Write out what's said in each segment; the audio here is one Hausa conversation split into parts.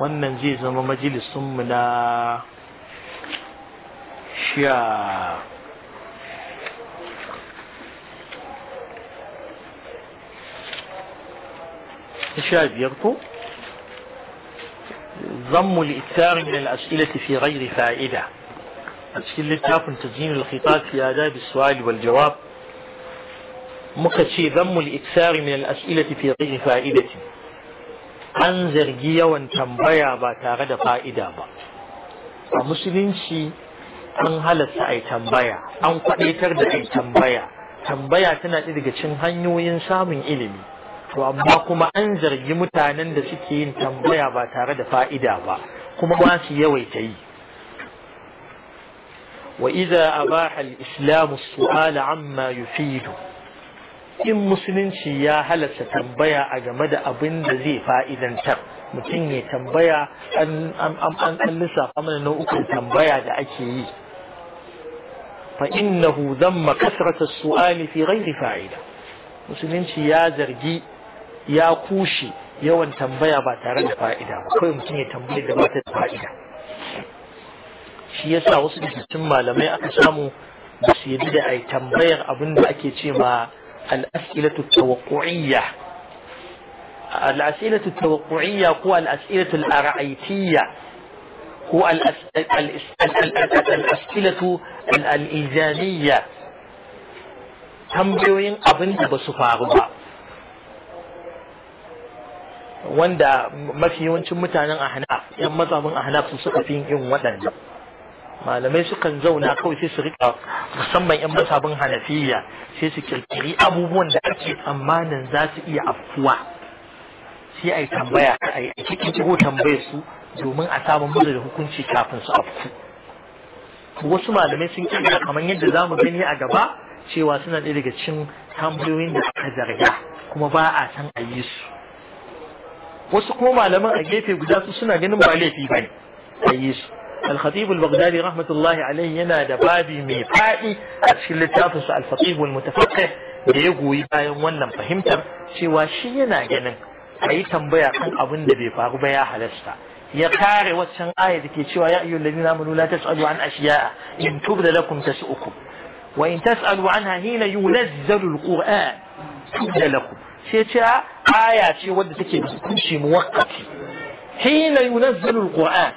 wannan zai zama majalisunmu na sha sha biyar ko ضم الإكثار من الأسئلة في غير فائدة أسئلة تافن تزيين الخطاب في آداب السؤال والجواب مكتشي ذم الإكثار من الأسئلة في غير فائدة an zargi yawan tambaya ba tare da fa'ida ba a musulunci an halatta a tambaya an kwaɗetar da a tambaya tambaya tana ɗirga cin hanyoyin samun ilimi to amma kuma an zargi mutanen da suke yin tambaya ba tare da fa'ida ba kuma ba su yawaita yi Wa a أباح الإسلام su'ala amma yufidu in musulunci ya halatta tambaya a game da abin da zai fa'idantar mutum ya tambaya an lissafa mana nau'ukan tambaya da ake yi fa innahu zamma kasrata su'ali fi ghairi fa'ida musulunci ya zargi ya kushe yawan tambaya ba tare da fa'ida ba kawai mutum ya tambaye da ba ta da fa'ida shi yasa wasu da malamai aka samu ba su da ai tambayar abin da ake ce ma الأسئلة التوقعية الأسئلة التوقعية هو الأسئلة الأرعيتية هو الأسئلة الإلزامية tambayoyin abin da ba su faru ba wanda mafi yawancin mutanen ahnaf yan mazhabin ahnaf su suka fi yin waɗannan malamai sukan zauna kawai sai su rika musamman yan masabin hanafiya sai su kirkiri abubuwan da ake tsammanin za su iya afkuwa sai a yi tambaya a yi kirkiro tambayar su domin a samu musu da hukunci kafin su afku wasu malamai sun kira kamar yadda za mu gani a gaba cewa suna ɗaya daga cikin tambayoyin da aka zarga kuma ba a san a su wasu kuma malaman a gefe guda su suna ganin ba laifi ba ne a su الخطيب البغدادي رحمة الله عليه هنا دا بابي ميفائي أشكل التافس الفطيب والمتفقه ديقوي بايوم ونم فهمتم سوى شي ناقن أي تنبيا عن أبن دبي فاقو بيا حلستا يقاري واتسان آية كي سوى يا أيها الذين آمنوا لا تسألوا عن أشياء إن تبد لكم تسؤكم وإن تسألوا عنها هنا ينزل القرآن تبد لكم سيتيا آية سيودتك بسكوشي موقتي حين ينزل القرآن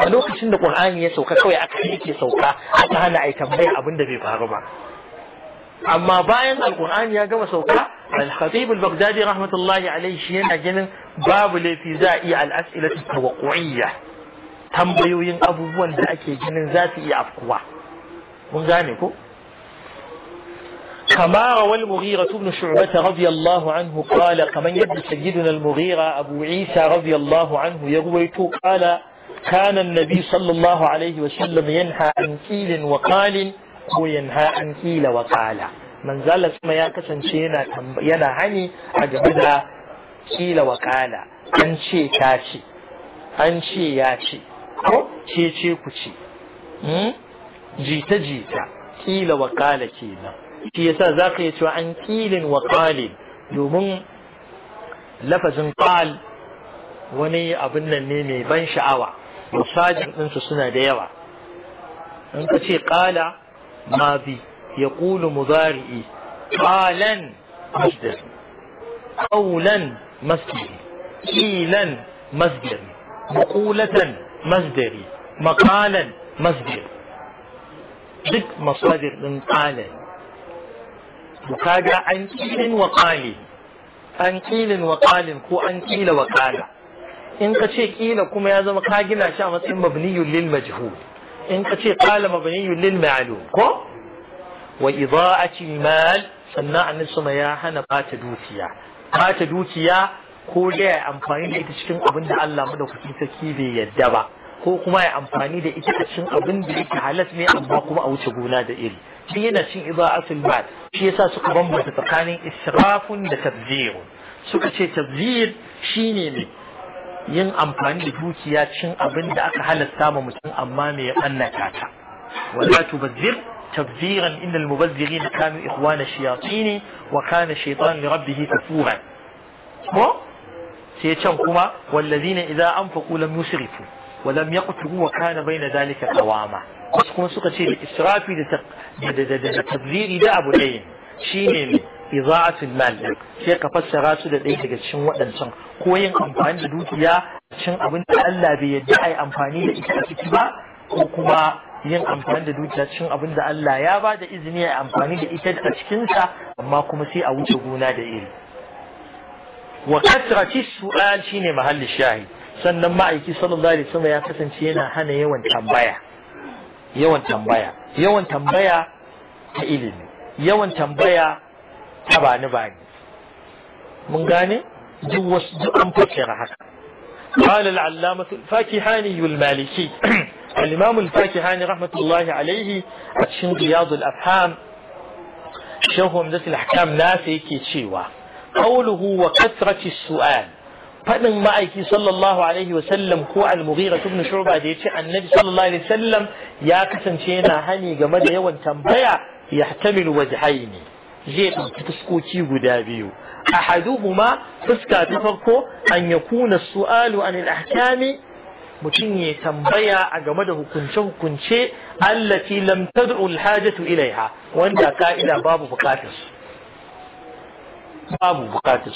a lokacin da qur'ani ya sauka kawai aka yake sauka aka hana ai tambaya abin da bai faru ba amma bayan alqur'ani ya gama sauka al-khatib al-baghdadi rahmatullahi alayhi shi yana ganin babu laifi za a iya al-as'ilatu tawaqqu'iyya tambayoyin abubuwan da ake ganin za su iya afkuwa mun gane ko كما روى المغيرة بن شعبة رضي الله عنه قال كمن يد سيدنا المغيرة أبو عيسى رضي الله عنه يرويت قال كان النبي صلى الله عليه وسلم ينهى عن قيل وقال وينهى عن قيل وقال من زال ما يكسن شينا ينا هني أجمد قيل وقال أن شي كاشي أن شي ياشي شي شي كشي جيتا جيتا قيل وقال كينا shi yasa za ka yi cewa an kilin wa kalin domin lafazin kal wani abin nan ne mai ban sha'awa masajin ɗinsu suna da yawa in ka ce ƙala ma bi ya ƙulu muzari'i ƙalan masjid ƙaulan masjid ƙilan masjid maƙulatan masjiri maƙalan masjid duk masajir ɗin ƙalan kaga an ƙilin wa ƙalin an ƙilin wa ƙalin ko an ƙila wa ƙala in ka ce kila kuma ya zama ka gina shi a matsayin mabniyun lil majhul in ka ce qala mabniyun lil ma'lum ko wa ida'ati mal sannan annabi sama ya hana bata dukiya bata dukiya ko da ya amfani da ita cikin abin da Allah madaukakin sarki bai yadda ba ko kuma ya amfani da ita a cikin abin da yake halas ne amma kuma a wuce gona da iri shi yana cin ida'atul mal shi yasa suka bambanta tsakanin israfun da tabzir suka ce tabzir shine ne yin amfani da dukiya cin abin da aka halatta ma mutum amma mai ɓannata ta wala tubazzir tabziran innal mubazzirin kanu ikhwana shayatin wa kana shaytan li rabbih kafura ko sai can kuma wallazina idza anfaqu lam yusrifu wa lam yaqturu wa kana bayna dhalika qawama kuma suka ce da israfi da tabziri da abu ɗaya shine iza'atul mal sai ka fassara su da ɗaya daga cikin waɗancan ko yin amfani da dukiya cin abin da Allah bai yarda ai amfani da ita a ciki ba ko kuma yin amfani da dukiya cin abin da Allah ya ba da izini ai amfani da ita a cikin sa amma kuma sai a wuce gona da iri wa kasrati su'al shine mahalli shahi sannan ma'aiki sallallahu alaihi wasallam ya kasance yana hana yawan tambaya yawan tambaya yawan tambaya ta ilimi yawan tambaya ta ba ni ba ni mun gane duk wasu duk an fassara haka قال العلامة الفاكهاني المالكي الإمام الفاكهاني رحمة الله عليه أتشن رياض الأفهام شيخ همزة الأحكام ناسي كي تشيوا قوله وكثرة السؤال faɗin ma'aiki sallallahu alaihi wasallam ko al-mughira ibn shu'ba da yace annabi sallallahu alaihi wasallam ya kasance yana hani game da yawan tambaya yahtamilu wajhaini zai ɗauki fuskoki guda biyu ma fuska ta farko an ya kuna su'alu an ahkami mutum ya tambaya a game da hukunce-hukunce allafi lam tad'u ilaiha wanda ka'ida babu bukatus babu bukatus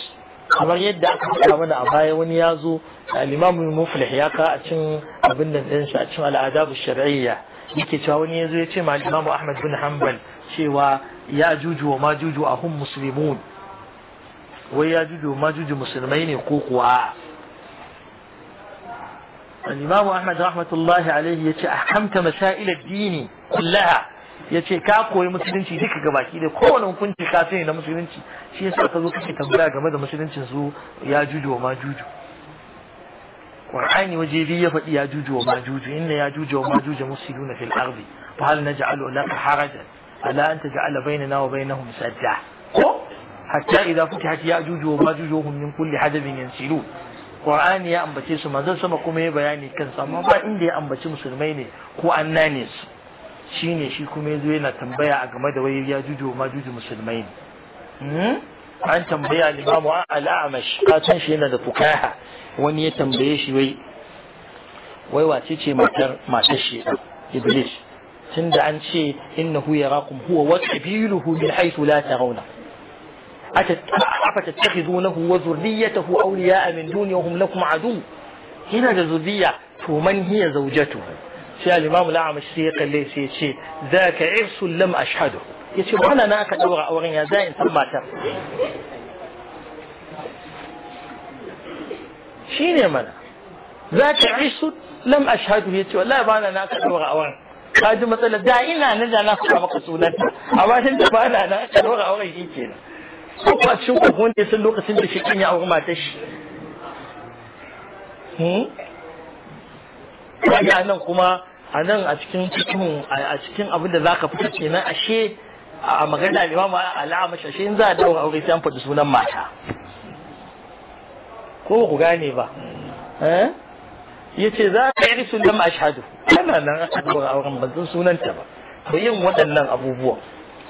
kamar yadda aka faɗa mana a baya wani ya zo al-imam muflih ya ka a cin abin nan ɗinsa a cin al'adabu shar'iyya yake cewa wani yazo ya ce ma Imam Ahmad bin Hanbal cewa ya juju wa majuju hun muslimun wai ya juju wa majuju musulmai ne ko kuwa الإمام أحمد رحمة الله عليه يتي أحكمت Dini Kullaha ya yace ka koyi musulunci duka gabaki da kowane hukunci kafin na musulunci shi yasa ka zo kake tambaya game da musuluncin su ya juju wa ma juju qur'ani waje biyu ya faɗi ya juju wa majuju inna ya juju wa majuju na fil ardi fa hal naj'alu laka harajan ala an taj'ala bainana wa bainahum sadda ko hatta idza futihat ya juju wa majuju hum min kulli hadabin yansilun qur'ani ya ambace su manzon sama kuma ya bayani kan amma ba inda ya ambaci musulmai ne ko annane su shine shi kuma yazo yana tambaya a game da wai ya juju wa juju musulmai ne hmm? an tambaya limamu al'amash katon shi yana da fukaha wani ya tambaye shi wai wai wace ce matar matar shi iblis tunda an ce innahu yarakum huwa wa qabiluhu min haythu la tarawna afatattakhidunahu wa zurriyyatahu awliya'a min duni hum lakum adu hina da zubiya to man hiya zawjatu sai al-imam al-a'mash sai ya kalle sai ya ce zaka irsul lam ashhadu ya ce ba na aka ɗaura auren ya za in san matar shi ne mana za ta isu lam ashhadu ya ce wallahi ba na na aka ɗaura auren ka ji matsala da ina nan da na faɗa maka sunanta a bashin da ba na na aka ɗaura auren shi kenan ko ba cin kokon da sun lokacin da shi kan ya auri matar shi hmm? kaga nan kuma a nan a cikin cikin cikin abin da zaka fita kenan ashe a magana al'imam al'amash shi za a dawo aure sai an faɗi sunan mata ko ku gane ba eh? ya ce za ka yi sunan ashadu ana nan a dawo auren ban san sunanta ba to yin waɗannan abubuwan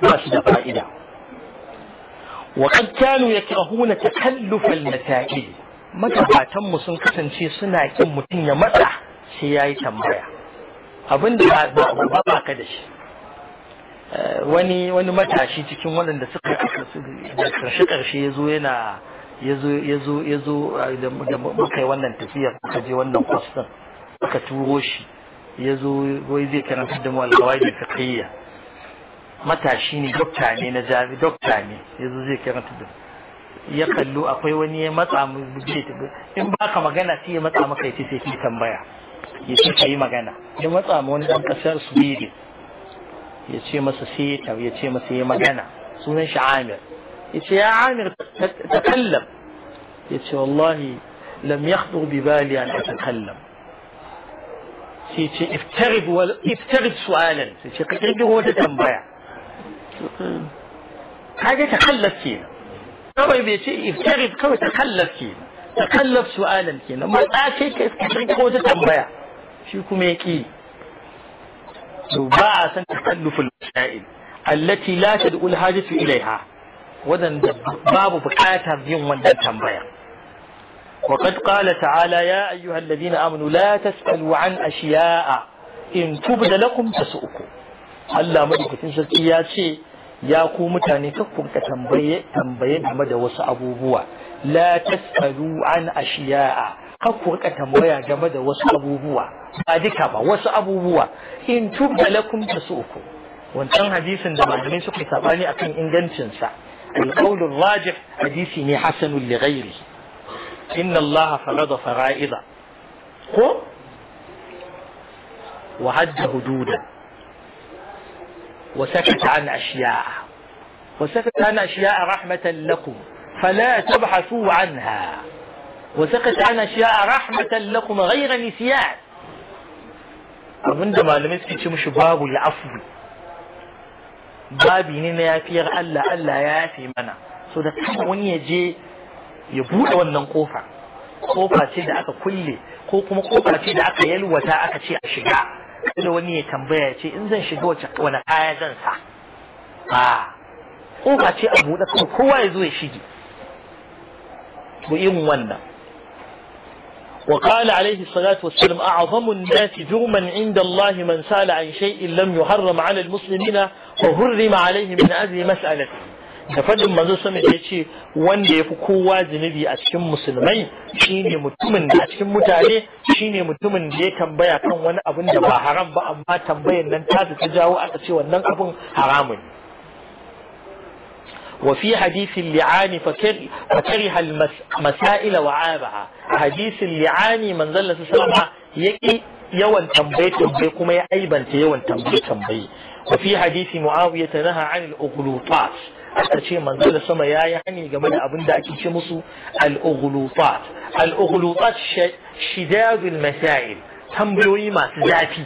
ba shi da fa'ida وقد كانوا ta kallufan المسائل matabatan mu sun kasance suna kin mutum ya matsa sai yayi tambaya abinda ba ba ka da shi Eh, wani wani matashi cikin waɗanda suka da karshe karshe yazo yana yazo yazo yazo eh, da muka yi wannan tafiya muka je wannan kwastan ka turo shi yazo wai zai karanta da mu alƙawari fiqhiyya matashi ne dokta ne na jami dokta ne yazo zai karanta da ya kallo akwai wani ya matsa mu in baka magana sai ya matsa maka ya ce sai ki tambaya ya ce ka yi magana ya matsa mu wani dan kasar Sweden ya ce masa sai ya ya ce masa ya magana sunan shi Amir ya ce ya Amir ta kallam ya ce wallahi lam ya yakhdur bi bali an atakallam sai ce iftarid wal iftarid su'alan sai ce ka kirkiro wata tambaya kage ta takallaf kenan kawai bai ce iftarid kawai ta takallaf ta takallaf su'alan kenan ma ta ce ka kirkiro wata tambaya shi kuma ya ki باع سن تكلف المسائل التي لا تدعو الحاجة إليها وذن باب بكاتا يوم من تنبيع وقد قال تعالى يا أيها الذين آمنوا لا تسألوا عن أشياء إن تبد لكم تسؤكوا Allah مدك تنسل ya يا قوم تاني mutane تنبيع تنبيع مدى tambaye game da wasu abubuwa la kar ku rika tambaya game da wasu abubuwa ba duka ba wasu abubuwa in tubda lakum uku. wancan hadisin da malamai suka yi sabani akan ingancinsa القول الراجح حديثي حسن لغيره إن الله فرض فرائض قم وحد هدودا وسكت عن أشياء وسكت عن أشياء رحمة لكم فلا تبحثوا عنها وسقط عن أشياء رحمة لكم غير نسيان ومن دم على مسك تمشي باب العفو بابي نينا يا فير الله الله يا في منا سودا كون يجي يبود ونن قوفا قوفا تيدا أكا كل قوكم قوفا تيدا أكا يلو وتا أكا تي أشجا إلا وني يتنبيا تي إنزن شدو تك ونا آيزن سا آه قوفا تي أبودا كو كوا يزوي شجي بو إيم وننا وقال عليه الصلاة والسلام أعظم الناس جرما عند الله من سال عن شيء لم يحرم على المسلمين وحرم عليه من هذه مسألة da fadin manzo sama ya ce wanda ya fi kowa zunubi a cikin musulmai shine mutumin a cikin mutane shine mutumin da ya tambaya kan wani abun da ba haram ba amma tambayar nan ta ta jawo aka ce wannan abun haramun وفي حديث اللعان فكر فكره المسائل وعابها حديث اللعان من ظل سلام يكي يوان تنبي تنبي يا أيضا تيوان تنبي تنبي وفي حديث معاوية نهى عن الأغلوطات أتشي من ظل سلام يا يعني جمال أبن داكي شمسو الأغلوطات الأغلوطات شداد المسائل تنبيوي ما تزافي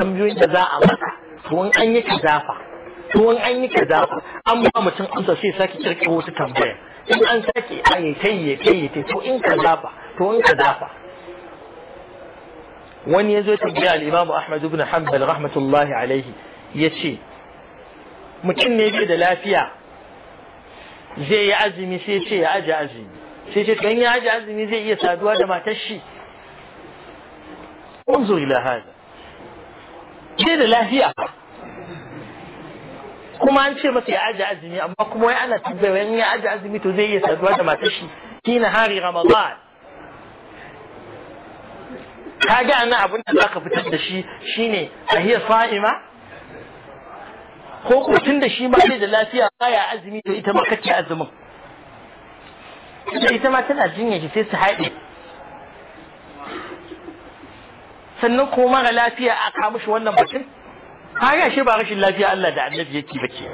تزاع تزافي وان أن يتزافي Tuwon in an yi kaza an ba mutum amsa sai sake kirkiro wata tambaya in an sake an yi ya tai ya to in kaza fa to in kaza fa wani yazo tambaya al-Imam Ahmad ibn Hanbal rahmatullahi alaihi yace mutum ne bai da lafiya zai yi azumi sai ce ya aje azumi sai ce kan ya aje azumi zai iya saduwa da matar shi unzur ila hada da lafiya kuma an ce masa ya aje azumi amma kuma wai ana tambaya in ya aje azumi to zai iya saduwa da matar shi kina hari ramadan ka ga ana abin da zaka fitar da shi shine a Fa'ima? ko ko tun da shi ma da lafiya baya azumi to ita ma kake azumin ita ma tana jinya shi sai su haɗe sannan ko mara lafiya a kamushi wannan batun kaga shi ba rashin lafiya Allah da annabi yake ba ke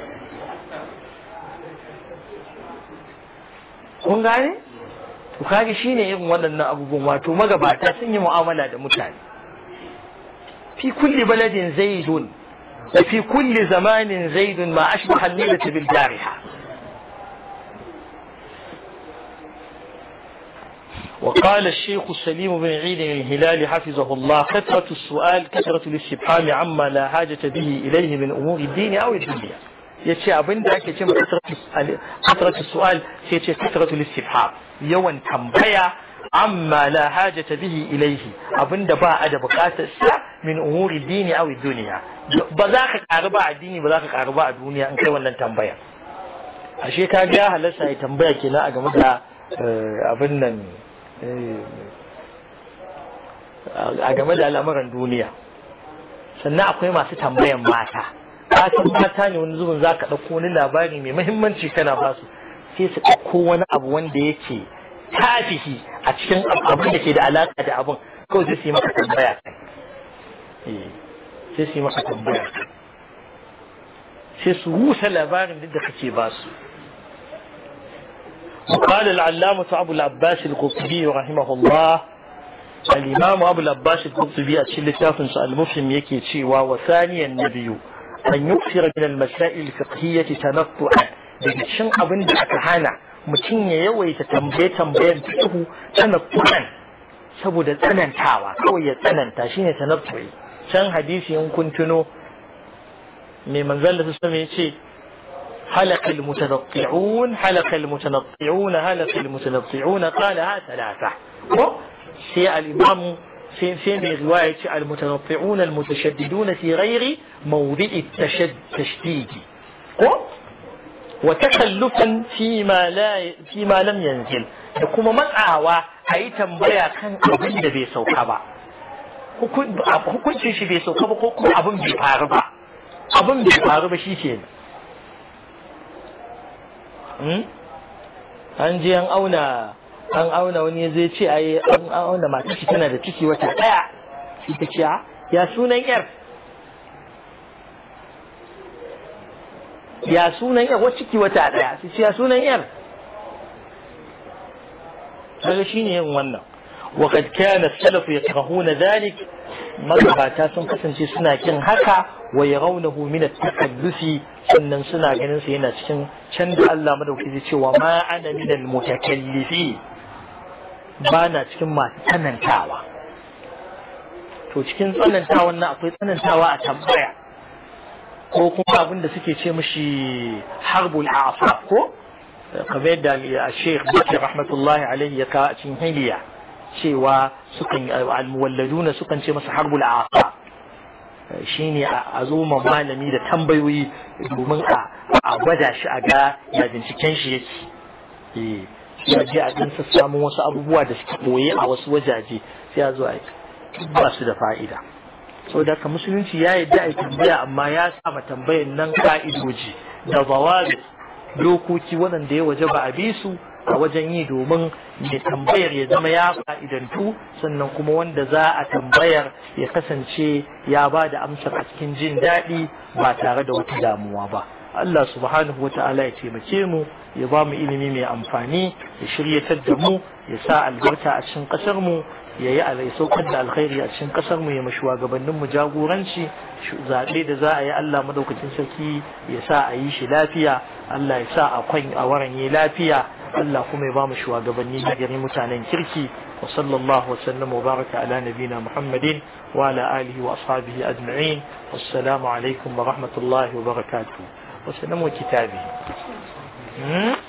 kun gane to kaga shine irin waɗannan abubuwan wato magabata sun yi mu'amala da mutane fi kulli baladin zaidun da fi kulli zamanin zaidun ma ashbaha muhalli da bil jariha وقال الشيخ سليم بن عيد الهلال حفظه الله كثرة السؤال كثرة الاستبحام عما لا حاجة به إليه من أمور الدين أو الدنيا يتشي أبن ذاك كثرة السؤال يتشي كثرة الاستبحام يوان تنبيا عما لا حاجة به إليه أبن دباء أدب قاتل من أمور الدين أو الدنيا بذاخك أرباع الدين بذاخك أرباع الدنيا أنت ولا تنبيا أشيكا جاه لسا يتنبيا كنا أجمدها آه، أبن Eh. a game da al'amuran duniya sannan akwai masu tambayan mata kasan mata ne wani zubin za ka ɗauko wani labari mai mahimmanci kana ba su sai su ɗauko wani abu wanda yake tafihi a cikin abin da ke da alaƙa da abin kawai sai su yi maka tambaya kai eh. sai su yi maka tambaya sai su wusa labarin duk da kake ba su قال العلامة أبو العباس القطبي رحمه الله الإمام أبو العباس القرطبي أتشل التافنس المسلم يكي تشيوا وثانيا النبي أن يكثر من المسائل الفقهية تنطعا بجشن أبن أكهانا متين يوي yawaita tambaye tambayan تنطعا tanattu'an تنن tsanantawa كوي تنن تاشين تنطعي شن حديث hadisi in kun tuno mai manzon حلق المتنطعون حلق المتنطعون حلق المتنطعون قالها ثلاثة سيء الإمام سين سين رواية المتنطعون المتشددون في غير موضع التشديد وتخلفا فيما لا فيما لم ينزل يقوم matsawa أعوى أي تنبيا كان أبن da سوكبا sauka ba hukuncin سوكبا bai أبن بي فاربا أبن بي فاربا faru Hmm? an je an auna an auna wani zai ce yi an auna mata shi tana da ciki wata daya shi ta ce ya sunan yar ya sunan yar wata ciki wata daya shi ce ya sunan yar shi ne yin wannan وقد كان السلف يكرهون ذلك magabata sun kasance suna kin haka wa yarawnahu min at-takaddusi sannan suna ganin sa yana cikin can da Allah madauki zai cewa ma ana min al bana cikin masu tsanantawa to cikin tsanantawa na akwai tsanantawa a tambaya ko kuma abin da suke ce mishi harbul a'saf ko kamar yadda Sheikh Bakir rahmatullahi alaihi ya kawo a cikin hiliya cewa sukan almuwalladuna sukan ce masa harbul aqa shine a zo ma malami da tambayoyi domin a gwada shi a ga ya binciken shi yake eh ya ji a dan samun wasu abubuwa da suke boye a wasu wajaje sai ya zo a ba su da fa'ida saboda ka musulunci ya yadda a tambaya amma ya sama tambayan nan ka'idoji da bawabi dokoki waɗanda ya waje ba a bi su a wajen yi domin mai tambayar ya zama ya fa'idantu sannan kuma wanda za a tambayar ya kasance ya ba da amsar a cikin jin daɗi ba tare da wata damuwa ba Allah subhanahu wa ta'ala ya taimake mu ya ba mu ilimi mai amfani ya shiryatar da mu ya sa albarka a cikin ƙasar mu ya yi alai saukar da alkhairi a cikin ƙasar mu ya mashi mu jagoranci zaɓe da za a yi Allah madaukakin sarki ya sa a yi shi lafiya Allah ya sa a kwan a lafiya Allah kuma ya ba mu shugabanni na gari mutanen kirki wa sallallahu wasallam wa baraka ala nabina muhammadin wa ala alihi wa ashabihi ajma'in wassalamu alaikum wa rahmatullahi wa barakatuh wa sanamu kitabi hmm?